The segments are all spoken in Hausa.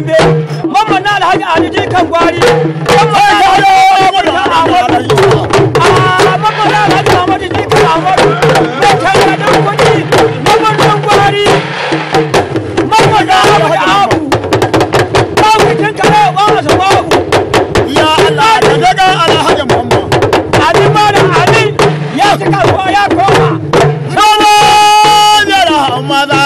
dambe mamman na alhaji ali alhaji da gwari ba ya Mother!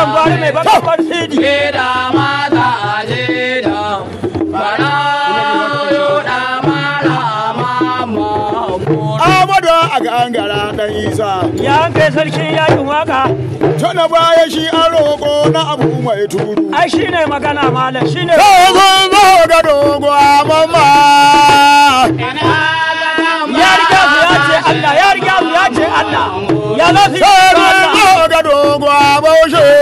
kan gwari mai Amadu yakin waka. Tana baya shi roƙo na abu mai tudu. Ai shi ne magana malam shi ne. Dogon da a mama. Ya ya ce Allah ya ya ce Allah. Ya lafi. gwa baushe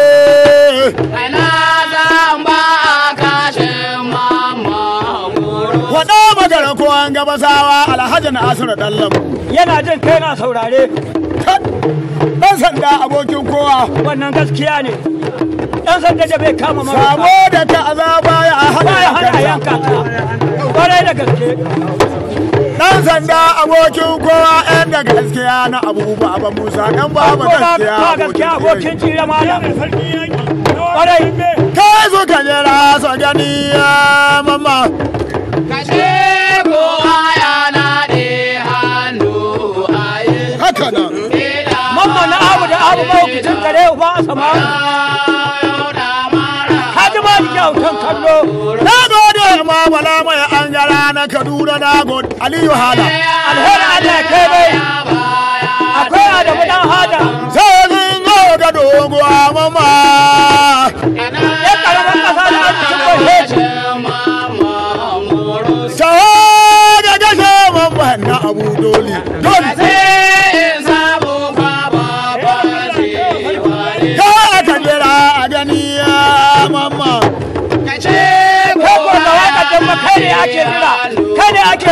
ina zan ba kashin mama wada bajar kowan gabasawa alhaji nasiru dallamu yana jin kai na saurare ɗan sanda abokin kowa wannan gaskiya ne dan sanda da bai kama mara sabo da ta azaba ya hana yanka kwarai da gaske dan sanda abokin kowa ɗan da gaskiya na abubuwa ba musa ɗan ba ba gaskiya abokin jira malam kwarai kai su ka jira su gani ya mama Ka ce ko aya na ɗe hannu a yi. haka na mamma na abu da abu ba ku kare uba a sama ka ji ma da kyautan kallo na gode ma bala mai na kaduna na god aliyu hala alheri da kebe akwai adamu dan hada zai yi da dogo mama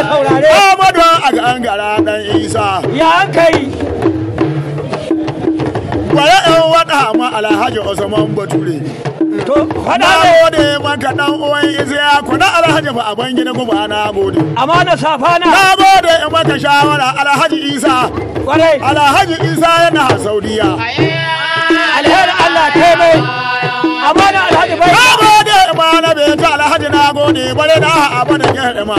saurare Amadu a gangara dan Isa ya kai bare ɗan ma Alhaji Usman Bature to faɗa ne gode maka dan uwan ku Alhaji fa a bangi na guba na gode amana safana na gode in maka shawara Alhaji Isa kwarai Alhaji Isa yana Saudiya alheri Allah kai amana Alhaji bai na gode imana bai ta Alhaji na gode bare a gehe ma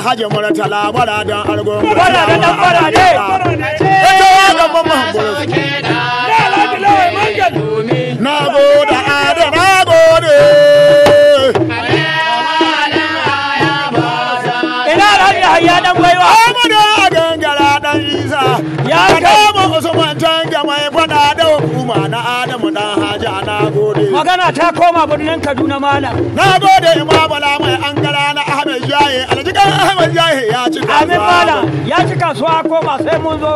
alhaji murtala bara dan argon bara dan bara ne ita ga mamma na da ada na gode ina alhaji hayya dan gwaiwa amana a gangara dan isa ya kama usman tanga mai fada da hukuma na adamu dan magana ta koma birnin kaduna malam na gode bala mai an gara na ahmed jahe aljikan ahmed jahe ya ci kasuwa amin malam ya ci kasuwa koma sai mun zo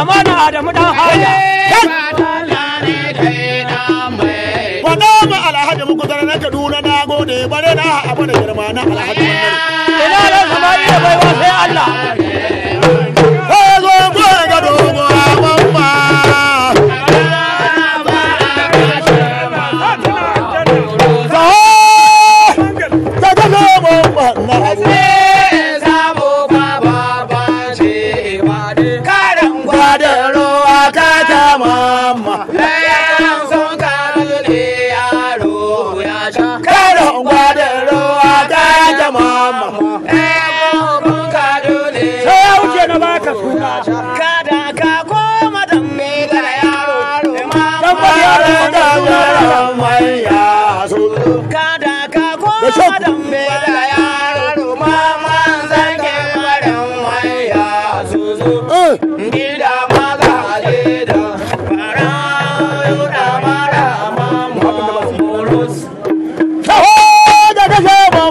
amana adamu dan haya wana ma alhaji muku zara na kaduna na gode bare na abu da girma na alhaji ina da samari da baiwa sai allah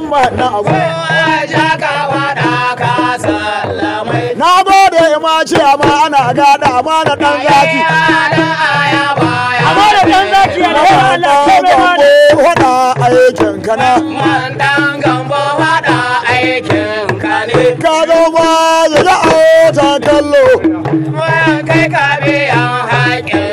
Muhammad na abu. Na gode ma ce ma ana gada amana dan zaki. Amana dan zaki yana da Allah sai mai hada. Wada aikin kana. Man gambo wada kane. Ka zo ba ya za a ta kallo. Kai ka biyan haƙin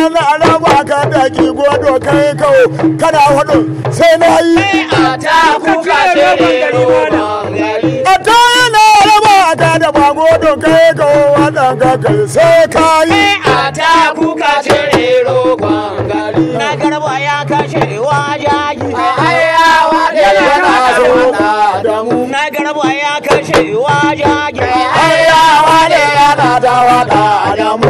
an alama ka daki godo kai kawo kana hudu sai na yi a ta yi na ka da ba godo kai kawo wannan ka sai ka yi a ta kuka ce rero na ya kashe wa jaji a hayawa da yana zo da na ya kashe wa jaji a hayawa da da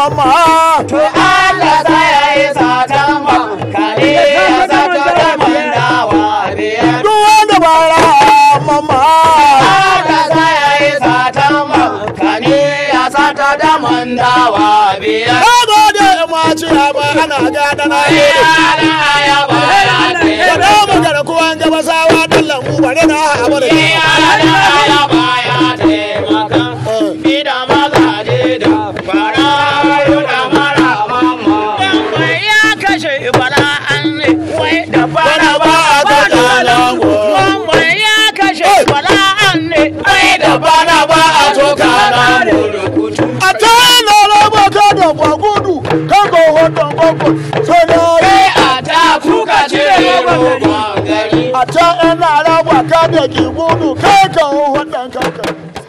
mama to Allah sai yayi satan ma kare ya zato da mandawa biya duk wanda bara mama Allah sai yayi satan ma kare ya zato da mandawa biya kago da ma ciya ba ana gada na yi ya ba ya ba da mu garkuwan gaba sawa dallan mu bare na haɓar ya ba da bana ba a toka na mulukutu. A ta na raba ka da gwagudu kan gohon don gwagwa sai da yi. a ta kuka cire gari. A ta ina raba ka da gibudu kai kan hohon dan kankan.